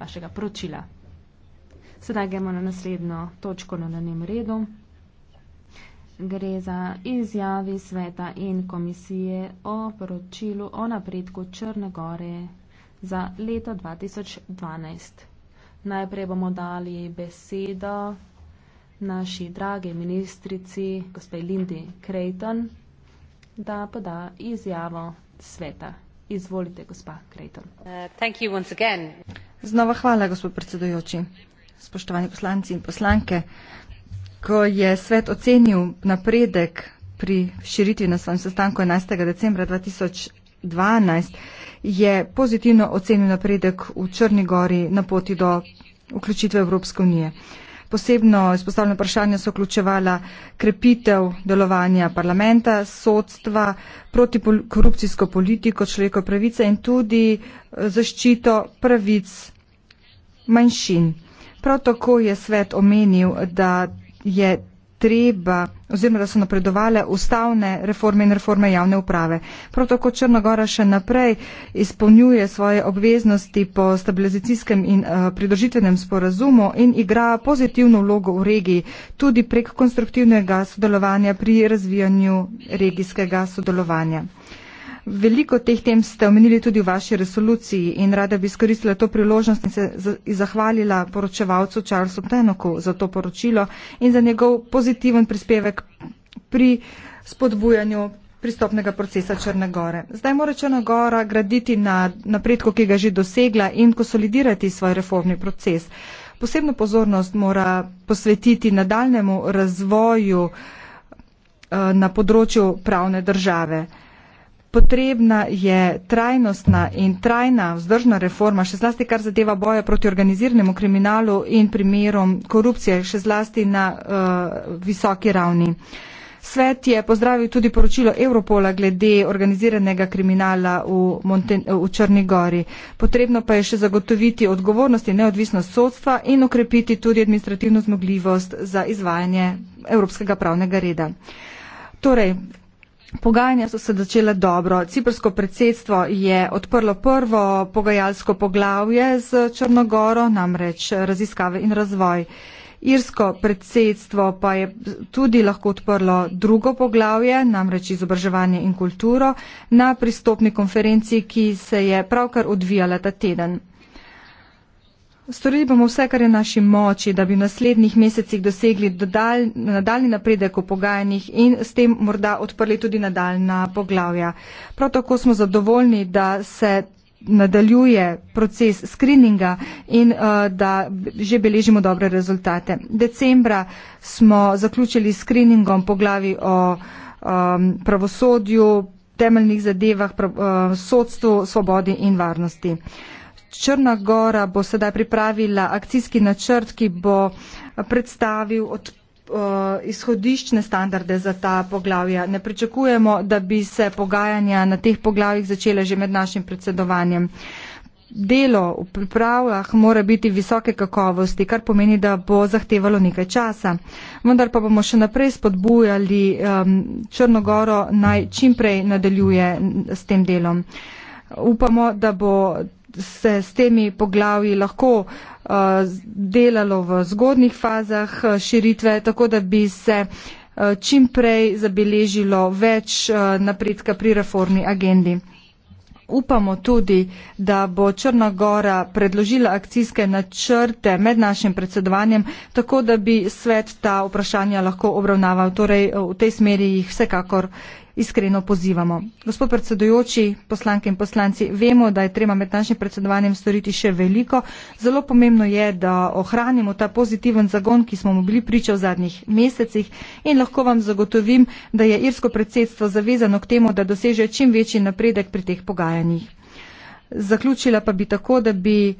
vašega poročila. Sedaj gremo na naslednjo točko na danem redu. Gre za izjavi sveta in komisije o poročilu o napredku Črne gore za leto 2012. Najprej bomo dali besedo naši drage ministrici, gospe Lindi Krejton, da poda izjavo sveta. Izvolite, gospa Krejton. Uh, Znova hvala, gospod predsedujoči. Spoštovani poslanci in poslanke, ko je svet ocenil napredek pri širitvi na svojem sestanku 11. decembra 2012, je pozitivno ocenil napredek v Črni gori na poti do vključitve Evropske unije. Uh, Posebno izpostavljeno vprašanje so vključevala krepitev delovanja parlamenta, sodstva, protikorupcijsko politiko, človekove pravice in tudi eh, zaščito pravic manjšin. Prav tako je svet omenil, da je treba oziroma da so napredovale ustavne reforme in reforme javne uprave. Prav tako Črnogora še naprej izpolnjuje svoje obveznosti po stabilizacijskem in eh, pridržitvenem sporazumu in igra pozitivno vlogo v regiji tudi prek konstruktivnega sodelovanja pri razvijanju regijskega sodelovanja. Veliko teh tem ste omenili tudi v vaši resoluciji in rada bi izkoristila to priložnost in se zahvalila poročevalcu Charlesu Tenoku za to poročilo in za njegov pozitiven prispevek pri spodbujanju pristopnega procesa Črne gore. Zdaj mora Črna gora graditi na napredku, ki ga že dosegla in konsolidirati svoj reformni proces. Posebno pozornost mora posvetiti nadaljemu razvoju eh, na področju pravne države potrebna je trajnostna in trajna vzdržna reforma, še zlasti kar zadeva boja proti organiziranemu kriminalu in primerom korupcije, še zlasti na uh, visoki ravni. Svet je pozdravil tudi poročilo Evropola glede organiziranega kriminala v, Monten v Črni gori. Potrebno pa je še zagotoviti odgovornost in neodvisnost sodstva in ukrepiti tudi administrativno zmogljivost za izvajanje evropskega pravnega reda. Torej, Pogajanja so se začele dobro. Ciprsko predsedstvo je odprlo prvo pogajalsko poglavje z Črnogoro, namreč raziskave in razvoj. Irsko predsedstvo pa je tudi lahko odprlo drugo poglavje, namreč izobraževanje in kulturo, na pristopni konferenci, ki se je pravkar odvijala ta teden. Storili bomo vse, kar je v naši moči, da bi v naslednjih mesecih dosegli dodal, nadaljni napredek v pogajanjih in s tem morda odprli tudi nadaljna poglavja. Prav tako smo zadovoljni, da se nadaljuje proces skrininga in uh, da že beležimo dobre rezultate. Decembra smo zaključili skriningom poglavi o um, pravosodju, temeljnih zadevah, prav, uh, sodstvu, svobodi in varnosti. Uh, Črna Gora bo sedaj pripravila akcijski načrt, ki bo predstavil od eh, izhodiščne standarde za ta poglavja. Ne pričakujemo, da bi se pogajanja na teh poglavjih začele že med našim predsedovanjem. Delo v pripravah mora biti visoke kakovosti, kar pomeni, da bo zahtevalo nekaj časa. Vendar pa bomo še naprej spodbujali um, ehm, Črnogoro naj čimprej nadaljuje s tem delom. Upamo, da bo se s temi poglavji lahko uh, delalo v zgodnih fazah uh, širitve, tako da bi se uh, čim prej zabeležilo več napredka pri reformni agendi. Upamo tudi, da bo Črna Gora predložila akcijske načrte med našim predsedovanjem, tako da bi svet ta vprašanja lahko obravnaval. Torej, v tej smeri jih vsekakor iskreno pozivamo. Gospod predsedujoči, poslanke in poslanci, vemo, da je treba med našim predsedovanjem storiti še veliko. Zelo pomembno je, da ohranimo ta pozitiven zagon, ki smo mu bili priča v zadnjih mesecih in lahko vam zagotovim, da je irsko predsedstvo zavezano k temu, da doseže čim večji napredek pri teh pogajanjih. Zaključila pa bi tako, da bi uh,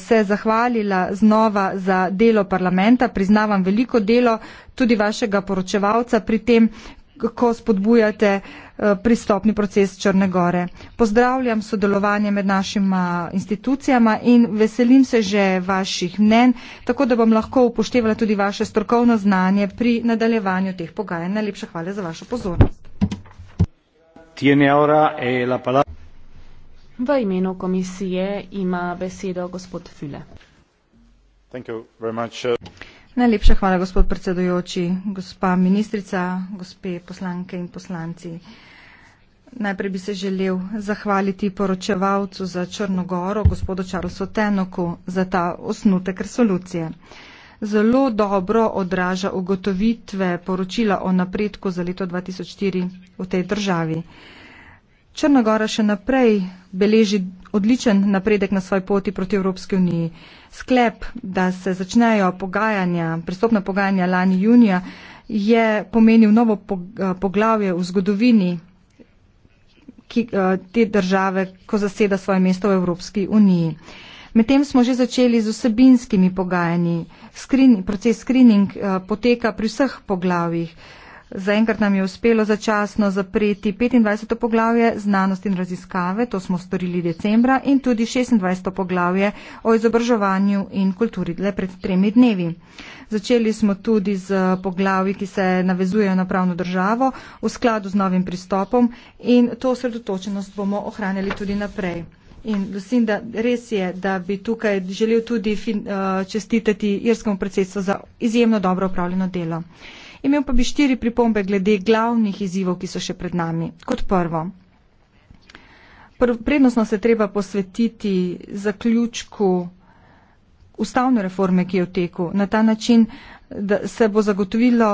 se zahvalila znova za delo parlamenta, priznavam veliko delo tudi vašega poročevalca pri tem, kako spodbujate eh, pristopni proces Črne Gore. Pozdravljam sodelovanje med našima institucijama in veselim se že vaših mnen, tako da bom lahko upoštevala tudi vaše strokovno znanje pri nadaljevanju teh pogajanj. Najlepša hvala za vašo pozornost. Eh, v imenu komisije ima besedo gospod File. Thank you very much. Uh... Najlepša hvala, gospod predsedujoči, gospa ministrica, gospe poslanke in poslanci. Najprej bi se želel zahvaliti poročevalcu za Črnogoro, gospodu Charlesu Tenoku, za ta osnutek resolucije. Zelo dobro odraža ugotovitve poročila o napredku za leto 2004 v tej državi. Črnogora še naprej beleži odličen napredek na svoji poti proti Evropski uniji. Sklep, da se začnejo pogajanja, pristopna pogajanja lani junija, je pomenil novo eh, poglavje v zgodovini ki, eh, te države, ko zaseda svoje mesto v Evropski uniji. Medtem smo že začeli z vsebinskimi pogajanji. Screen, proces screening eh, poteka pri vseh poglavjih. Zaenkrat nam je uspelo začasno zapreti 25. poglavje znanost in raziskave, to smo storili decembra, in tudi 26. poglavje o izobraževanju in kulturi, le pred tremi dnevi. Začeli smo tudi z poglavji, ki se navezujejo na pravno državo v skladu z novim pristopom in to osredotočenost bomo ohranjali tudi naprej. In Lucinda, res je, da bi tukaj želel tudi fin, uh, čestitati irskemu predsedstvu za izjemno dobro upravljeno delo. Uh, Imel pa bi štiri pripombe glede glavnih izzivov, ki so še pred nami. Kot prvo, prednostno se treba posvetiti zaključku ustavne reforme, ki je v teku. Na ta način se bo zagotovilo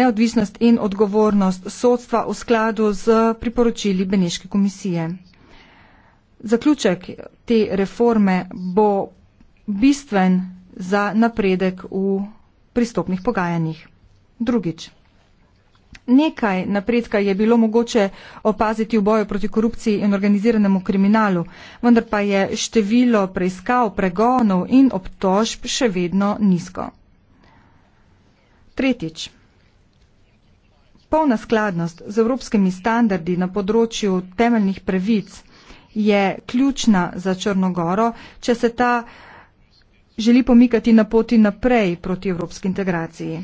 neodvisnost in odgovornost sodstva v skladu z priporočili Beneške komisije. Zaključek te reforme bo bistven za napredek v pristopnih pogajanjih. Drugič. Nekaj napredka je bilo mogoče opaziti v boju proti korupciji in organiziranemu kriminalu, vendar pa je število preiskav, pregonov in obtožb še vedno nizko. Tretjič. Polna skladnost z evropskimi standardi na področju temeljnih pravic je ključna za Črnogoro, če se ta želi pomikati na poti naprej proti evropski integraciji.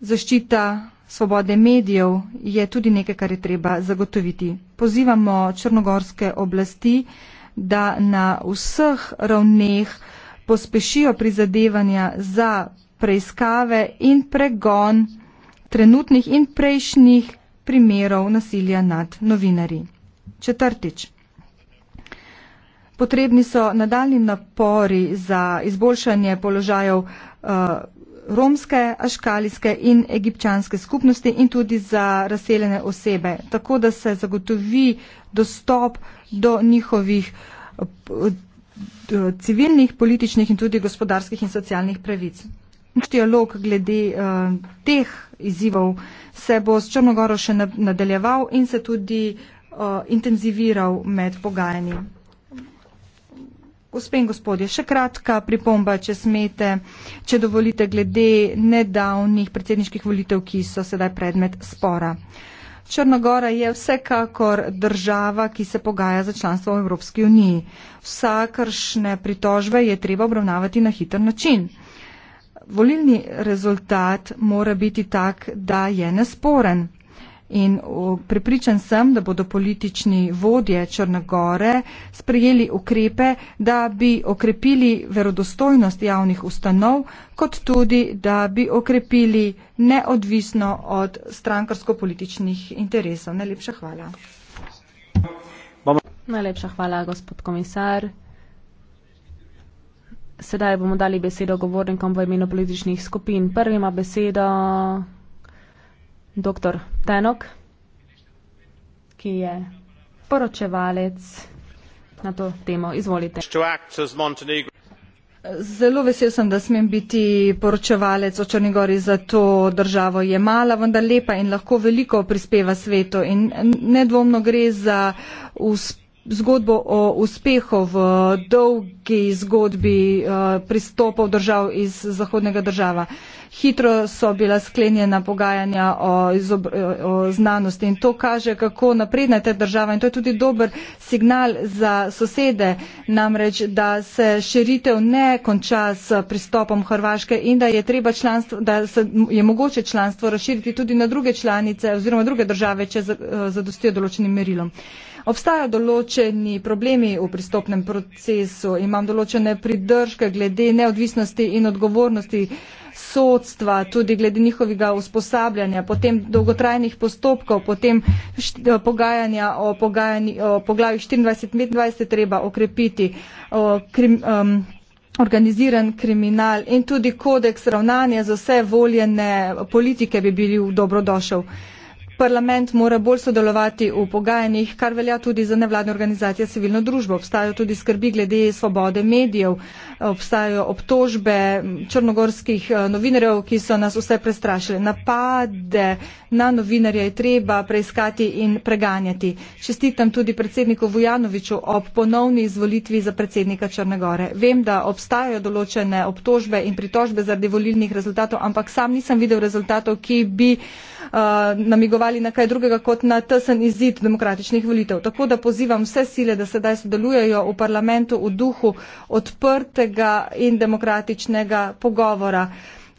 Zaščita svobode medijev je tudi nekaj, kar je treba zagotoviti. Pozivamo črnogorske oblasti, da na vseh ravneh pospešijo prizadevanja za preiskave in pregon trenutnih in prejšnjih primerov nasilja nad novinari. Četrtič. Potrebni so nadaljni napori za izboljšanje položajev uh, romske, aškalijske in egipčanske skupnosti in tudi za razseljene osebe, tako da se zagotovi dostop do njihovih eh, civilnih, političnih in tudi gospodarskih in socialnih pravic. Dialog glede uh, teh izzivov se bo s Črnogoro še nadaljeval in se tudi uh, intenziviral med pogajanji. Gospe in gospodje, še kratka pripomba, če smete, če dovolite, glede nedavnih predsedniških volitev, ki so sedaj predmet spora. Črnogora je vsekakor država, ki se pogaja za članstvo v Evropski uniji. Vsakršne pritožbe je treba obravnavati na hiter način. Volilni rezultat mora biti tak, da je nesporen. In prepričan sem, da bodo politični vodje Črnagore sprejeli ukrepe, da bi okrepili verodostojnost javnih ustanov, kot tudi, da bi okrepili neodvisno od strankarsko-političnih interesov. Najlepša hvala. Najlepša hvala, gospod komisar. Sedaj bomo dali besedo govornikom v imenu političnih skupin. Prvi ima besedo dr. Tenok, ki je poročevalec na to temo. Izvolite. Zelo vesel sem, da smem biti poročevalec o Črnigori za to državo. Je mala, vendar lepa in lahko veliko prispeva svetu. In nedvomno gre za uspešnost zgodbo o uspehu v dolgi zgodbi eh, pristopov držav iz zahodnega država. Hitro so bila sklenjena pogajanja o, o znanosti in to kaže, kako napredna je ta država in to je tudi dober signal za sosede, namreč, da se širitev ne konča s pristopom Hrvaške in da je, treba članstvo, da se, je mogoče članstvo razširiti tudi na druge članice oziroma druge države, če zadostijo določenim merilom. Obstajajo določeni problemi v pristopnem procesu, imam določene pridržke glede neodvisnosti in odgovornosti sodstva, tudi glede njihovega usposabljanja, potem dolgotrajnih postopkov, potem eh, pogajanja o, o poglavi 24-25 treba okrepiti. O, krim, um, organiziran kriminal in tudi kodeks ravnanja za vse voljene politike bi bil dobrodošel parlament mora bolj sodelovati v pogajanjih, kar velja tudi za nevladne organizacije civilno družbo. Obstajajo tudi skrbi glede svobode medijev, obstajajo obtožbe črnogorskih eh, novinarjev, ki so nas vse prestrašili. Napade na novinarje je treba preiskati in preganjati. Čestitam tudi predsedniku Vujanoviču ob ponovni izvolitvi za predsednika Črnegore. Vem, da obstajajo določene obtožbe in pritožbe zaradi volilnih rezultatov, ampak sam nisem videl rezultatov, ki bi uh, namigovali na kaj drugega kot na tesen izid demokratičnih volitev. Tako da pozivam vse sile, da sedaj sodelujejo v parlamentu v duhu odprtega in demokratičnega pogovora.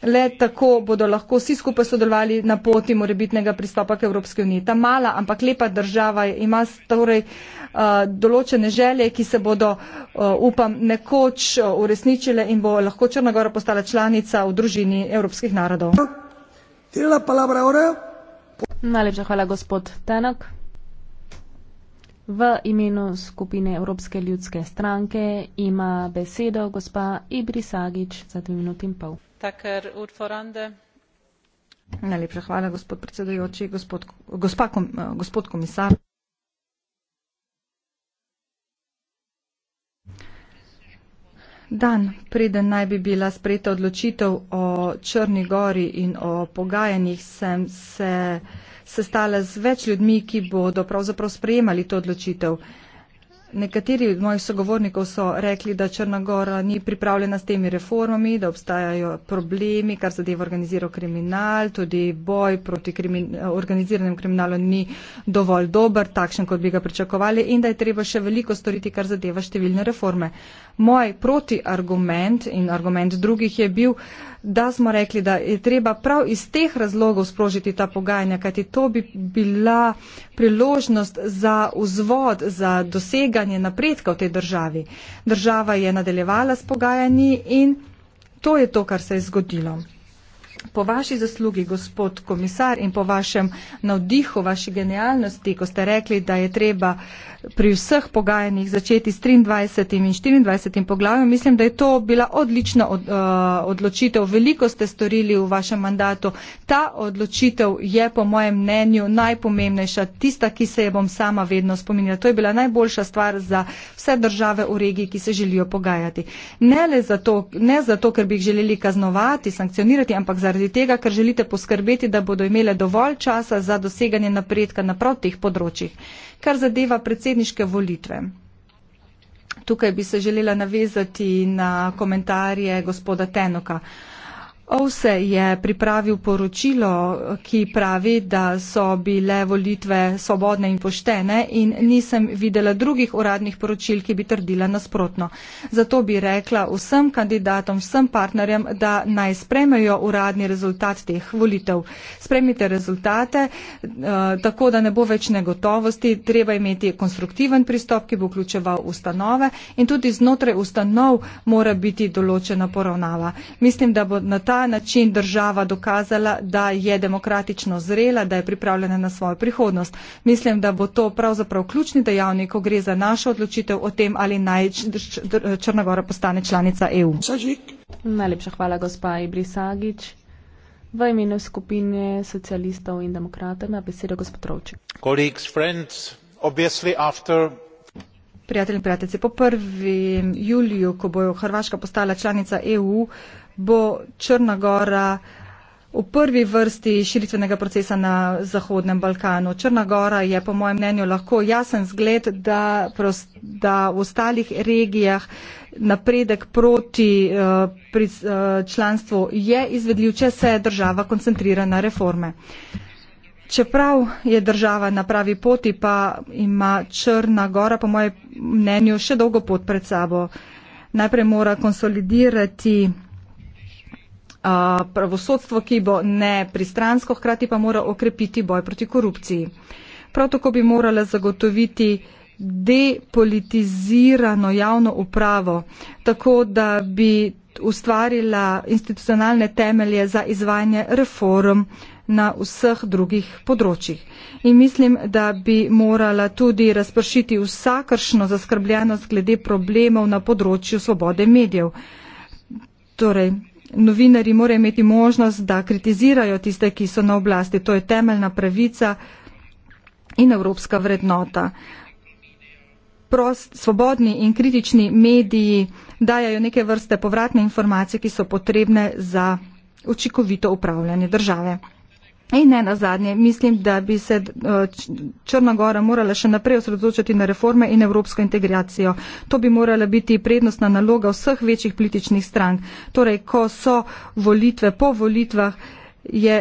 Le tako bodo lahko vsi skupaj sodelovali na poti morebitnega pristopa k Evropski uniji. Ta mala, ampak lepa država ima torej uh, določene želje, ki se bodo, uh, upam, nekoč uresničile in bo lahko Črnagora postala članica v družini evropskih narodov. Okay. Tiene la palabra ahora. Najlepša hvala, gospod Tenak. V imenu skupine Evropske ljudske stranke ima besedo gospa Ibri Sagič za dve minuti in pol. Takr Urforande. Najlepša hvala, gospod predsedujoči, gospod, gospa, eh, gospod komisar. dan, preden naj bi bila sprejeta odločitev o Črni gori in o pogajanjih, sem se sestala z več ljudmi, ki bodo pravzaprav sprejemali to odločitev. Nekateri od mojih sogovornikov so rekli, da Črnagora ni pripravljena s temi reformami, da obstajajo problemi, kar zadeva organiziran kriminal, tudi boj proti krimin organiziranem kriminalu ni dovolj dober, takšen, kot bi ga pričakovali, in da je treba še veliko storiti, kar zadeva številne reforme. Moj protiargument in argument drugih je bil, da smo rekli, da je treba prav iz teh razlogov sprožiti ta pogajanja, kajti to bi bila priložnost za vzvod, za doseganje napredka v tej državi. Država je nadaljevala s pogajanji in to je to, kar se je zgodilo po vaši zaslugi, gospod komisar, in po vašem navdihu, vaši genialnosti, ko ste rekli, da je treba pri vseh pogajanjih začeti s 23. in 24. poglavjem, mislim, da je to bila odlična od, uh, odločitev. Veliko ste storili v vašem mandatu. Ta odločitev je, po mojem mnenju, najpomembnejša, tista, ki se je bom sama vedno spominjala. To je bila najboljša stvar za vse države v regiji, ki se želijo pogajati. Ne le zato, ne zato ker bi jih želeli kaznovati, sankcionirati, ampak za zaradi tega, ker želite poskrbeti, da bodo imele dovolj časa za doseganje napredka na prav teh področjih, kar zadeva predsedniške volitve. Tukaj bi se želela navezati na komentarje gospoda Tenoka. OVSE je pripravil poročilo, ki pravi, da so bile volitve svobodne in poštene in nisem videla drugih uradnih poročil, ki bi trdila nasprotno. Zato bi rekla vsem kandidatom, vsem partnerjem, da naj spremejo uradni rezultat teh volitev. Spremite rezultate, eh, tako da ne bo več negotovosti, treba imeti konstruktiven pristop, ki bo vključeval ustanove in tudi znotraj ustanov mora biti določena poravnava. Mislim, da bo na ta način država dokazala, da je demokratično zrela, da je pripravljena na svojo prihodnost. Mislim, da bo to pravzaprav ključni dejavnik, ko gre za našo odločitev o tem, ali naj Črnagora postane članica EU. Najlepša hvala, gospa Ibris Sagič. V imenu skupine socialistov in demokratov ima besedo gospod Rovček prijatelji in prijateljice, po 1. juliju, ko bo Hrvaška postala članica EU, bo Črna gora v prvi vrsti širitvenega procesa na Zahodnem Balkanu. Črna gora je po mojem mnenju lahko jasen zgled, da, prost, da v ostalih regijah napredek proti uh, pri, uh, članstvu je izvedljiv, če se država koncentrira na reforme. Uh, Čeprav je država na pravi poti, pa ima Črna gora, po mojem mnenju, še dolgo pot pred sabo. Najprej mora konsolidirati uh, pravosodstvo, ki bo ne pristransko, hkrati pa mora okrepiti boj proti korupciji. Prav tako bi morala zagotoviti depolitizirano javno upravo, tako da bi ustvarila institucionalne temelje za izvajanje reform uh, na vseh drugih področjih. In mislim, da bi morala tudi razpršiti vsakršno zaskrbljenost glede problemov na področju svobode medijev. Torej, novinari morajo imeti možnost, da kritizirajo tiste, ki so na oblasti. To je temeljna pravica in evropska vrednota. Prost, svobodni in kritični mediji dajajo neke vrste povratne informacije, ki so potrebne za učinkovito upravljanje države. In ne na zadnje, mislim, da bi se eh, Črna Gora morala še naprej osredotočiti na reforme in evropsko integracijo. To bi morala biti prednostna naloga vseh večjih političnih strank. Torej, ko so volitve po volitvah, je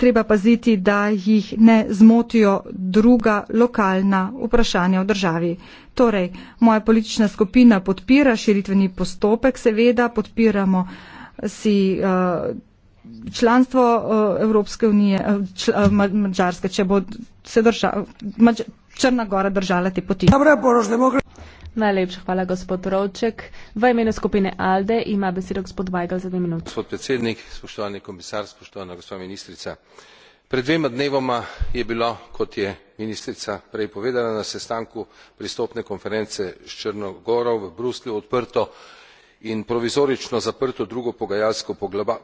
treba paziti, da jih ne zmotijo druga lokalna vprašanja v državi. Torej, moja politična skupina podpira širitveni postopek, seveda podpiramo si. Uh, članstvo eh, Evropske unije, eh, eh, Mađarske, če bo se držala, Črna Gora držala te poti. Najlepša hvala, gospod Rovček. V imenu skupine ALDE ima besedo gospod Vajgal za dve minuti. Gospod predsednik, spoštovani komisar, spoštovana gospa ministrica. Pred dvema dnevoma je bilo, kot je ministrica prej povedala, na sestanku pristopne konference s Črno Goro v Bruslju odprto in provizorično zaprto drugo pogajalsko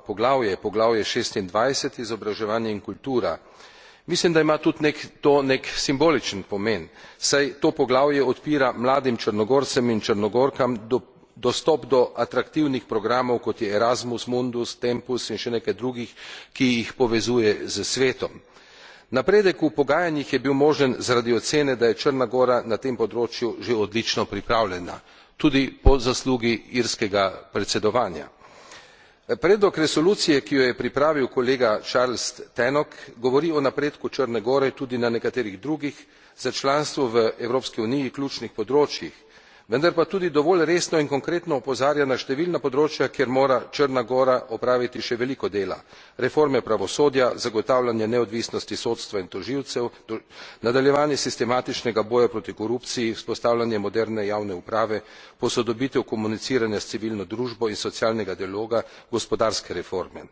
poglavje poglavje šestindvajset izobraževanje in kultura mislim da ima tudi to nek simboličen pomen saj to poglavje odpira mladim črnogorcem in črnogorkam dostop do atraktivnih programov kot je erasmus mundus tempus in še nekaj drugih ki jih povezuje s svetom. napredek v pogajanjih je bil možen zaradi ocene da je črna gora na tem področju že odlično pripravljena tudi po zaslugi irskega predsedovanja. predlog resolucije ki jo je pripravil kolega charles tannock govori o napredku črne gore tudi na nekaterih drugih za članstvo v evropski uniji ključnih področjih vendar pa tudi dovolj resno in konkretno opozarja na številna področja kjer mora črna gora opraviti še veliko dela reforme pravosodja zagotavljanje neodvisnosti sodstva in tožilcev nadaljevanje sistematičnega boja proti korupciji vzpostavljanje moderne javne uprave posodobitev komuniciranja s civilno družbo in socialnega dialoga gospodarske reforme.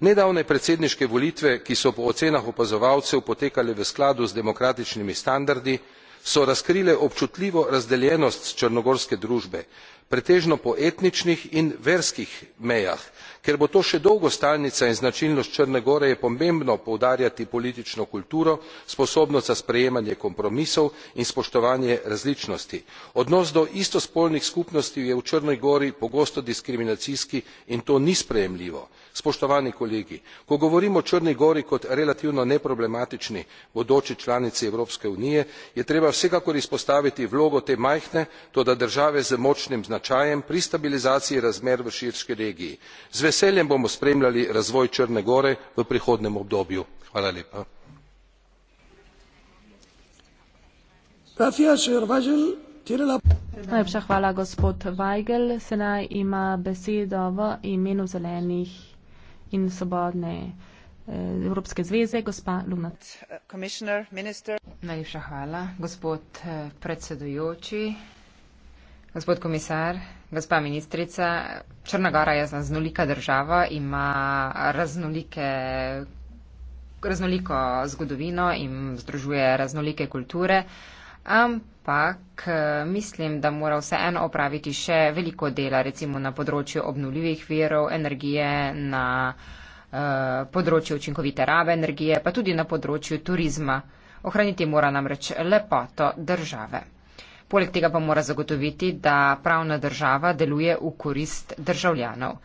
nedavne predsedniške volitve ki so po ocenah opazovalcev potekale v skladu z demokratičnimi standardi so razkrile občutljivo razdeljenost črnogorske družbe pretežno po etničnih in verskih mejah. ker bo to še dolgo stalnica in značilnost črne gore je pomembno poudarjati politično kulturo sposobnost za sprejemanje kompromisov in spoštovanje različnosti. odnos do istospolnih skupnosti je v črni gori pogosto diskriminacijski in to ni sprejemljivo. spoštovani kolegi ko govorim o črni gori kot relativno neproblematični bodoči članici evropske unije je treba vsekakor izpostaviti vlogo te majhne toda države z močnim značajem pri stabilizaciji razmer v širški regiji. z veseljem bomo spremljali razvoj črne gore v prihodnjem obdobju. najlepša hvala gospod eh, eh, predsedujoči Gospod komisar, gospa ministrica, Črnagora je raznolika država, ima raznolike, raznoliko zgodovino in združuje raznolike kulture, ampak mislim, da mora vseeno opraviti še veliko dela, recimo na področju obnuljivih verov energije, na področju učinkovite rabe energije, pa tudi na področju turizma. Ohraniti mora namreč lepoto države. Poleg tega pa mora zagotoviti, da pravna država deluje v korist državljanov.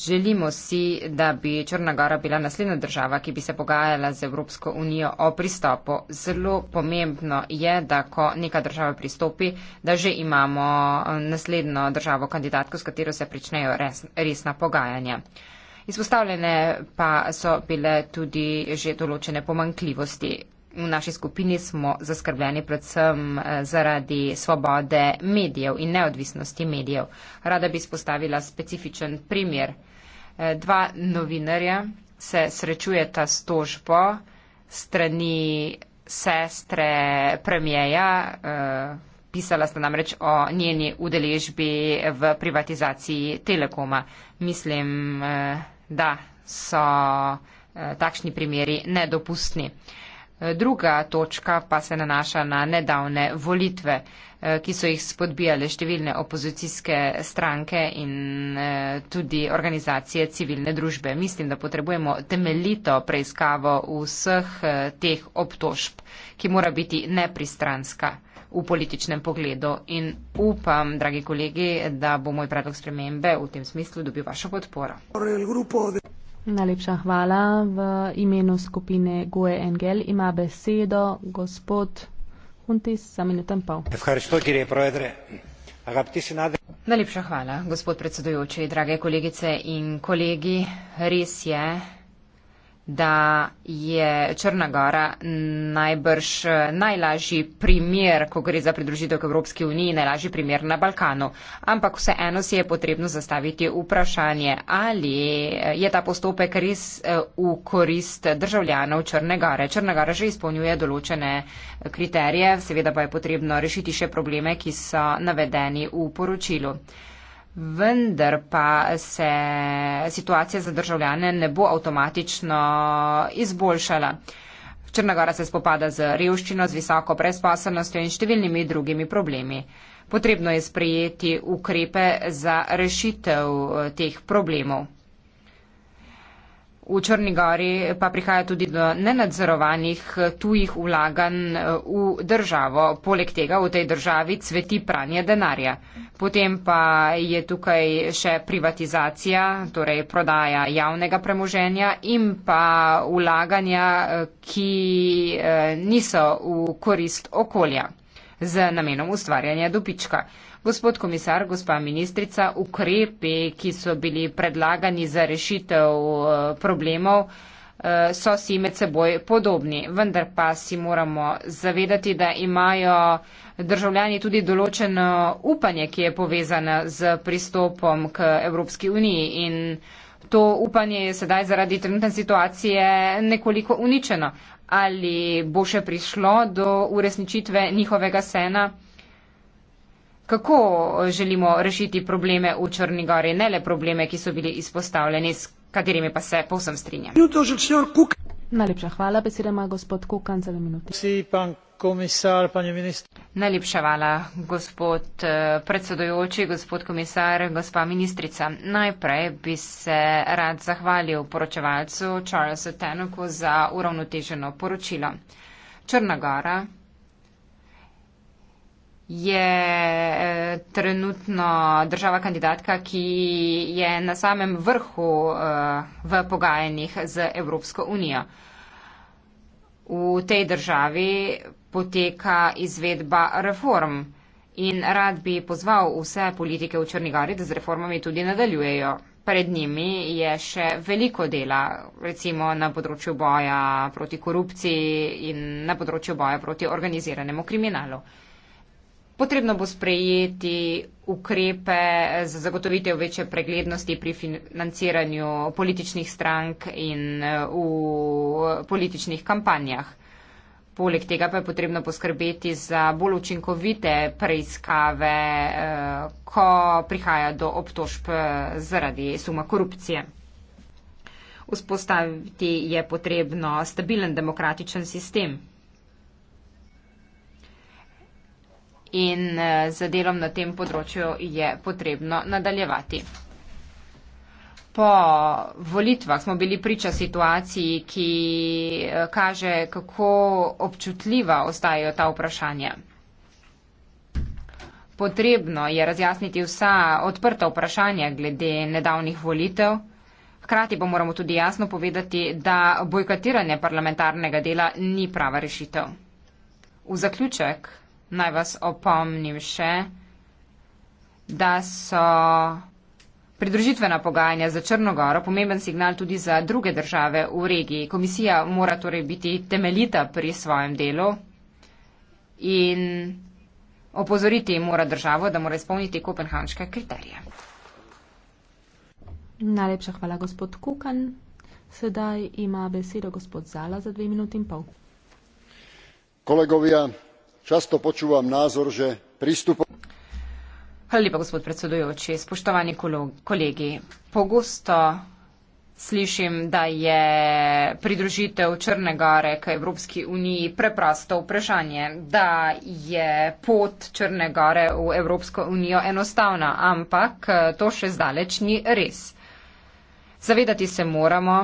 Želimo si, da bi Črna Gora bila naslednja država, ki bi se pogajala z Evropsko unijo o pristopu. Zelo pomembno je, da ko neka država pristopi, da že imamo eh, naslednjo državo kandidatko, s katero se pričnejo res, resna pogajanja. Izpostavljene pa so bile tudi že določene pomankljivosti v naši skupini smo zaskrbljeni predvsem eh, zaradi svobode medijev in neodvisnosti medijev. Rada bi spostavila specifičen primer. Eh, dva novinarja se srečujeta s tožbo strani sestre premijeja, eh, pisala sta namreč o njeni udeležbi v privatizaciji telekoma. Mislim, da so takšni primeri nedopustni. Eh, druga točka pa se nanaša na nedavne volitve, eh, ki so jih spodbijale številne opozicijske stranke in eh, tudi organizacije civilne družbe. Mislim, da potrebujemo temeljito preiskavo vseh teh obtožb, ki mora biti nepristranska v političnem pogledu. In upam, dragi kolegi, da bo moj predlog spremembe v tem smislu dobil vašo podporo. Najlepša hvala. V imenu skupine Goe Engel ima besedo gospod Huntis Saminetempov. Najlepša hvala, gospod predsedujoči, drage kolegice in kolegi. Res je, da je Črna Gora najbrž najlažji primer, ko gre za pridružitev k Evropski uniji, najlažji primer na Balkanu. Ampak vseeno si je potrebno zastaviti vprašanje, ali eh, je ta postopek res eh, v korist državljanov Črne Gore. Črna Gora že izpolnjuje določene eh, kriterije, seveda pa je potrebno rešiti še probleme, ki so navedeni v poročilu. Vendar pa se situacija za državljane ne bo avtomatično izboljšala. Črnagora se spopada z revščino, z visoko brezposobnostjo in številnimi drugimi problemi. Potrebno je sprejeti ukrepe za rešitev teh problemov. V Črni gori pa prihaja tudi do nenadzorovanih tujih vlaganj eh, v državo. Poleg tega v tej državi cveti pranje denarja. Potem pa je tukaj še privatizacija, torej prodaja javnega premoženja in pa vlaganja, eh, ki eh, niso v korist okolja z namenom ustvarjanja dobička. Gospod komisar, gospa ministrica, ukrepi, ki so bili predlagani za rešitev eh, problemov, eh, so si med seboj podobni, vendar pa si moramo zavedati, da imajo državljani tudi določeno upanje, ki je povezano z pristopom k Evropski uniji in to upanje je sedaj zaradi trenutne situacije nekoliko uničeno ali bo še prišlo do uresničitve njihovega sena. Kako želimo rešiti probleme v Črni gori, ne le probleme, ki so bili izpostavljeni, s katerimi pa se povsem strinjam? Najlepša hvala, beseda ima gospod Kukan za dve minuti komisar, pani minister. Najlepša hvala, gospod e, predsedojoči, gospod komisar, gospa ministrica. Najprej bi se rad zahvalil poročevalcu Charlesu Tenoku za uravnoteženo poročilo. Črna gora je e, trenutno država kandidatka, ki je na samem vrhu e, v pogajanjih z Evropsko unijo. V tej državi poteka izvedba reform. In rad bi pozval vse politike v Črnigori, da z reformami tudi nadaljujejo. Pred njimi je še veliko dela, recimo na področju boja proti korupciji in na področju boja proti organiziranemu kriminalu. Potrebno bo sprejeti ukrepe za zagotovitev večje preglednosti pri financiranju političnih strank in uh, v političnih kampanjah. Poleg tega pa je potrebno poskrbeti za bolj učinkovite preiskave, eh, ko prihaja do obtožb eh, zaradi suma korupcije. Vzpostaviti je potrebno stabilen demokratičen sistem. In eh, z delom na tem področju je potrebno nadaljevati po volitvah smo bili priča situaciji, ki eh, kaže, kako občutljiva ostajajo ta vprašanja. Potrebno je razjasniti vsa odprta vprašanja glede nedavnih volitev. Hkrati pa moramo tudi jasno povedati, da bojkotiranje parlamentarnega dela ni prava rešitev. V zaključek naj vas opomnim še, da so Pridružitvena pogajanja za Črno goro pomemben signal tudi za druge države v regiji. Komisija mora torej biti temeljita pri svojem delu in opozoriti mora državo, da mora izpolniti kopenhanške kriterije. Najlepša hvala, gospod Kukan. Sedaj ima besedo gospod Zala za dve minuti in pol. Kolegovia, často počúvam názor, že pristupujem. Hvala lepa, gospod predsedujoči. Spoštovani kolegi, pogosto slišim, da je pridružitev Črne gore k Evropski uniji preprosto vprašanje, da je pot Črne gore v Evropsko unijo enostavna, ampak to še zdaleč ni res. Zavedati se moramo,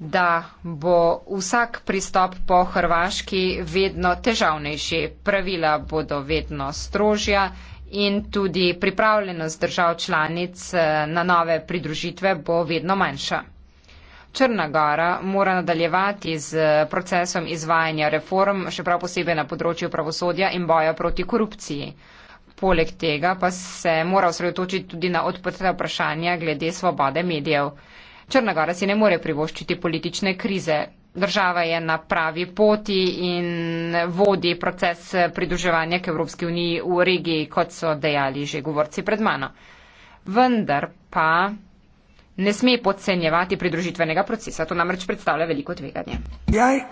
da bo vsak pristop po Hrvaški vedno težavnejši, pravila bodo vedno strožja, in tudi pripravljenost držav članic eh, na nove pridružitve bo vedno manjša. Črna Gora mora nadaljevati z eh, procesom izvajanja reform, še prav posebej na področju pravosodja in boja proti korupciji. Poleg tega pa se mora osredotočiti tudi na odprte vprašanja glede svobode medijev. Črna Gora si ne more privoščiti politične krize, država je na pravi poti in vodi proces pridruževanja k Evropski uniji v regiji, kot so dejali že govorci pred mano. Vendar pa ne sme podcenjevati pridružitvenega procesa. To namreč predstavlja veliko tveganje. Jaj.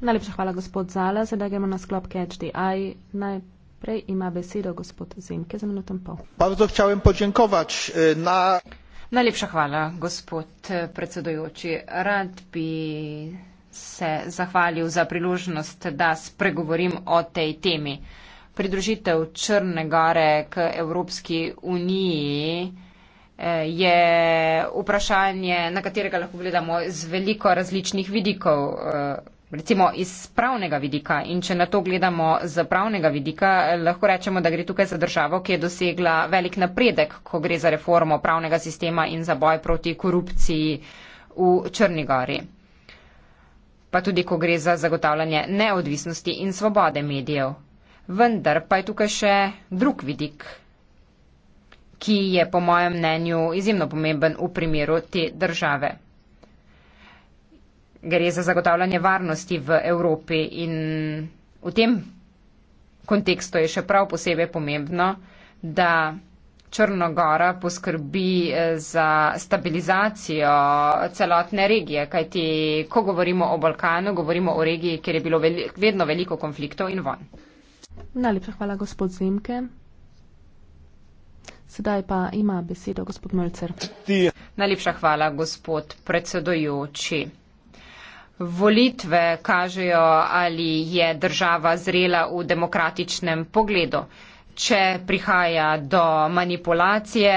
Najlepša hvala, gospod Zala. Sedaj gremo na sklop KHDI. Najprej ima besedo gospod Zemke za minuto in pol. Pa vzdo chcel jim počenkovač e, na. Najlepša hvala, gospod e, predsedojoči. Rad bi se zahvalil za priložnost, da spregovorim o tej temi. Pridružitev Črne Gore k Evropski uniji eh, je vprašanje, na katerega lahko gledamo z veliko različnih vidikov, eh, recimo iz pravnega vidika. In če na to gledamo z pravnega vidika, lahko rečemo, da gre tukaj za državo, ki je dosegla velik napredek, ko gre za reformo pravnega sistema in za boj proti korupciji v Črni Gori pa tudi ko gre za zagotavljanje neodvisnosti in svobode medijev. Vendar pa je tukaj še drug vidik, ki je po mojem mnenju izjemno pomemben v primeru te države. Gre za zagotavljanje varnosti v Evropi in v tem kontekstu je še prav posebej pomembno, da Črnogora poskrbi eh, za stabilizacijo celotne regije. Kajti, ko govorimo o Balkanu, govorimo o regiji, kjer je bilo veli, vedno veliko konfliktov in vojn. Najlepša hvala, gospod Zemke. Sedaj pa ima besedo gospod Mölcer. Najlepša hvala, gospod predsedojoči. Volitve kažejo, ali je država zrela v demokratičnem pogledu če prihaja do manipulacije,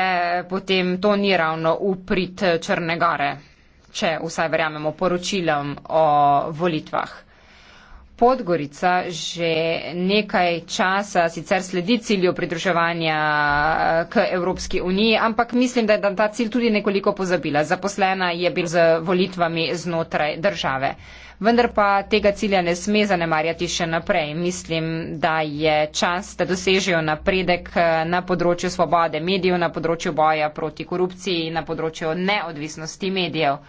potem to ni ravno uprit Črnegare, če vsaj verjamemo poročilom o volitvah. Podgorica že nekaj časa sicer sledi cilju pridruževanja eh, k Evropski uniji, ampak mislim, da je ta cilj tudi nekoliko pozabila. Zaposlena je bil z volitvami znotraj države. Vendar pa tega cilja ne sme zanemarjati še naprej. Mislim, da je čas, da dosežejo napredek eh, na področju svobode medijev, na področju boja proti korupciji in na področju neodvisnosti medijev.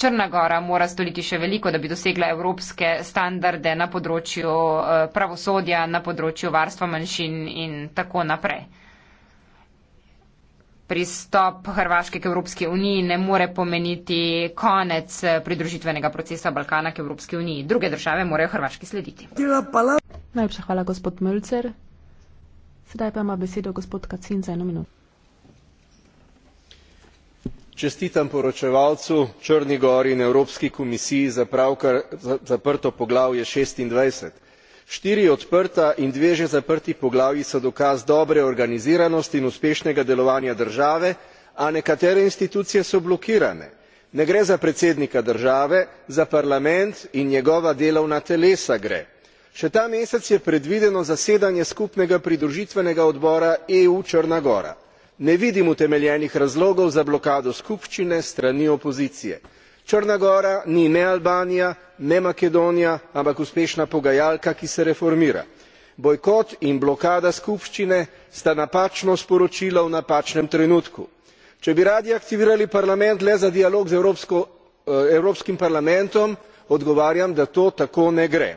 Črnagora mora storiti še veliko, da bi dosegla evropske standarde na področju eh, pravosodja, na področju varstva manjšin in tako naprej. Pristop Hrvaške k Evropski uniji ne more pomeniti konec eh, pridružitvenega procesa Balkana k Evropski uniji. Druge države morajo Hrvaški slediti. Najlepša hvala, gospod Mölcer. Sedaj pa ima besedo gospod Kacin za eno minuto čestitam poročevalcu črni gori in evropski komisiji za pravkar zaprto poglavje šestindvajset štiri odprta in dve že zaprti poglavji so dokaz dobre organiziranosti in uspešnega delovanja države a nekatere institucije so blokirane ne gre za predsednika države za parlament in njegova delovna telesa gre še ta mesec je predvideno zasedanje skupnega pridružitvenega odbora eu črna gora ne vidim utemeljenih razlogov za blokado skupščine s strani opozicije. črna gora ni ne albanija ne makedonija ampak uspešna pogajalka ki se reformira. bojkot in blokada skupščine sta napačno sporočilo v napačnem trenutku. če bi radi aktivirali parlament le za dialog z eh, evropskim parlamentom odgovarjam da to tako ne gre.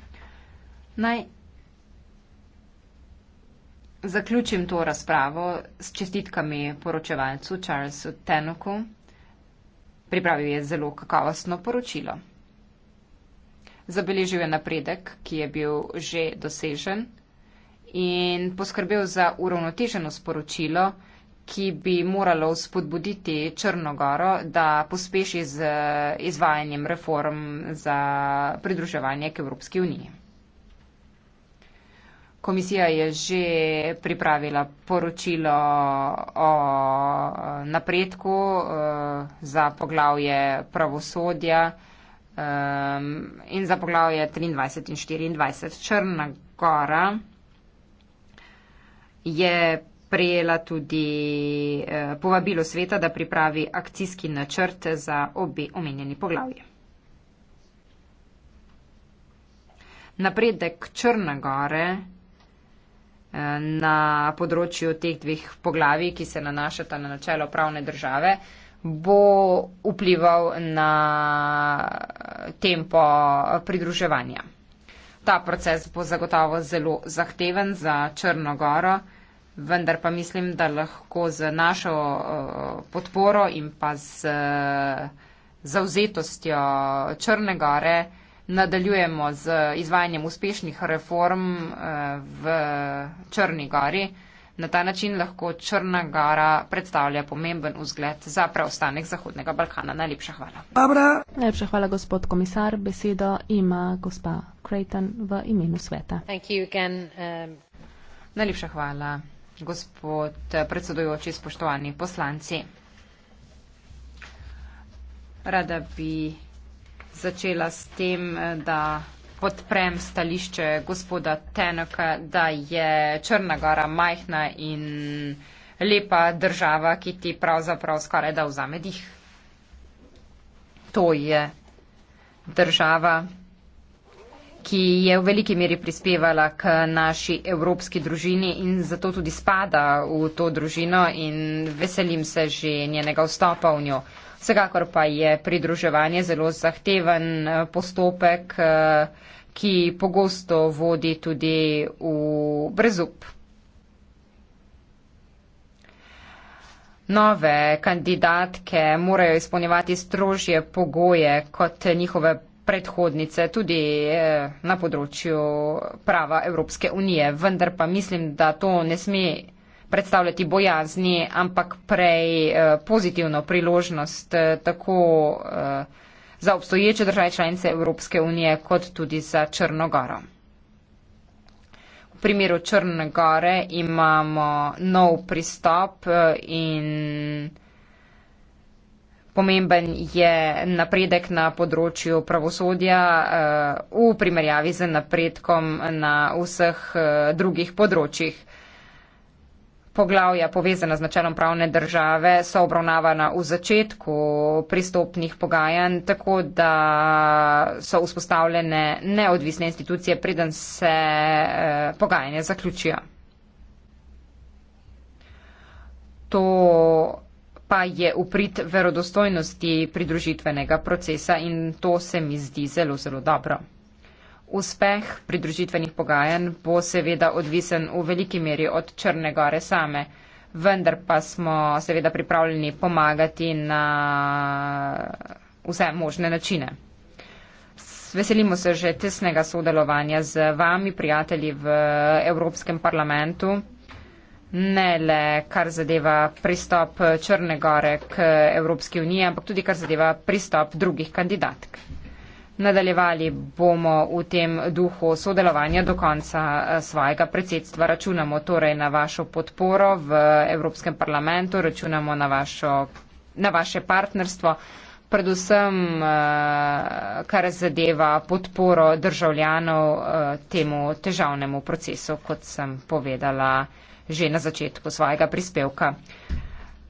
Naj zaključim to razpravo s čestitkami poročevalcu Charlesu Tenoku. Pripravil je zelo kakovostno poročilo. Zabeležil je napredek, ki je bil že dosežen in poskrbel za uravnoteženo sporočilo, ki bi moralo spodbuditi Črnogoro, da pospeši z izvajanjem reform za pridruževanje k Evropski uniji. Komisija je že pripravila poročilo o eh, napredku eh, za poglavje pravosodja eh, in za poglavje 23 in 24. Črna Gora je prejela tudi povabilo sveta, da pripravi akcijski načrt za obe omenjeni poglavje. Napredek Črna Gore na področju teh dveh poglavij, ki se nanašata na načelo pravne države, bo vplival na tempo pridruževanja. Ta proces bo zagotovo zelo zahteven za Črno goro, vendar pa mislim, da lahko z našo eh, podporo in pa z eh, zauzetostjo Črne gore nadaljujemo z izvajanjem uspešnih reform eh, v Črni gori. Na ta način lahko Črna gora predstavlja pomemben vzgled za preostanek Zahodnega Balkana. Najlepša hvala. Dobra. Najlepša hvala, gospod komisar. Besedo ima gospa Creighton v imenu sveta. Again, um... Najlepša hvala, gospod predsedujoči, spoštovani poslanci. Rada bi začela s tem, eh, da podprem stališče gospoda Tenoka, da je Črnagora majhna in lepa država, ki ti pravzaprav skoraj da vzame dih. To je država, ki je v veliki meri prispevala k naši evropski družini in zato tudi spada v to družino in veselim se že njenega vstopa v njo. Vsekakor pa je pridruževanje zelo zahteven eh, postopek, eh, ki pogosto vodi tudi v brezup. Nove kandidatke morajo izpolnjevati strožje pogoje kot njihove predhodnice tudi eh, na področju prava Evropske unije. Vendar pa mislim, da to ne sme predstavljati bojazni, ampak prej eh, pozitivno priložnost eh, tako za obstoječe države članice Evropske unije, kot tudi za Črnogoro. V primeru Črnogore imamo nov pristop in Pomemben je napredek na področju pravosodja eh, v primerjavi z napredkom na vseh eh, drugih področjih. Poglavja povezana z načelom pravne države so obravnavana v začetku pristopnih pogajanj, tako da so vzpostavljene neodvisne institucije, preden se eh, pogajanja zaključijo. To pa je uprit verodostojnosti pridružitvenega procesa in to se mi zdi zelo, zelo dobro. Uspeh pridružitvenih pogajanj bo seveda odvisen v veliki meri od Črne gore same, vendar pa smo seveda pripravljeni pomagati na vse možne načine. Veselimo se že tesnega sodelovanja z vami, prijatelji, v Evropskem parlamentu ne le kar zadeva pristop Črne Gore k Evropski uniji, ampak tudi kar zadeva pristop drugih kandidatk. Nadaljevali bomo v tem duhu sodelovanja do konca eh, svojega predsedstva. Računamo torej na vašo podporo v Evropskem parlamentu, računamo na, vašo, na vaše partnerstvo, predvsem eh, kar zadeva podporo državljanov eh, temu težavnemu procesu, kot sem povedala že na začetku svojega prispevka.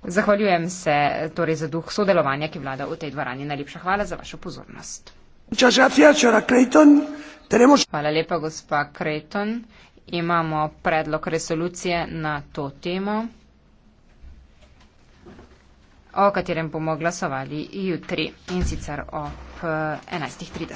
Zahvaljujem se torej za duh sodelovanja, ki vlada v tej dvorani. Najlepša hvala za vašo pozornost. Hvala lepa, gospa Creighton. Imamo predlog resolucije na to temo, o katerem bomo glasovali jutri in sicer ob 11.30.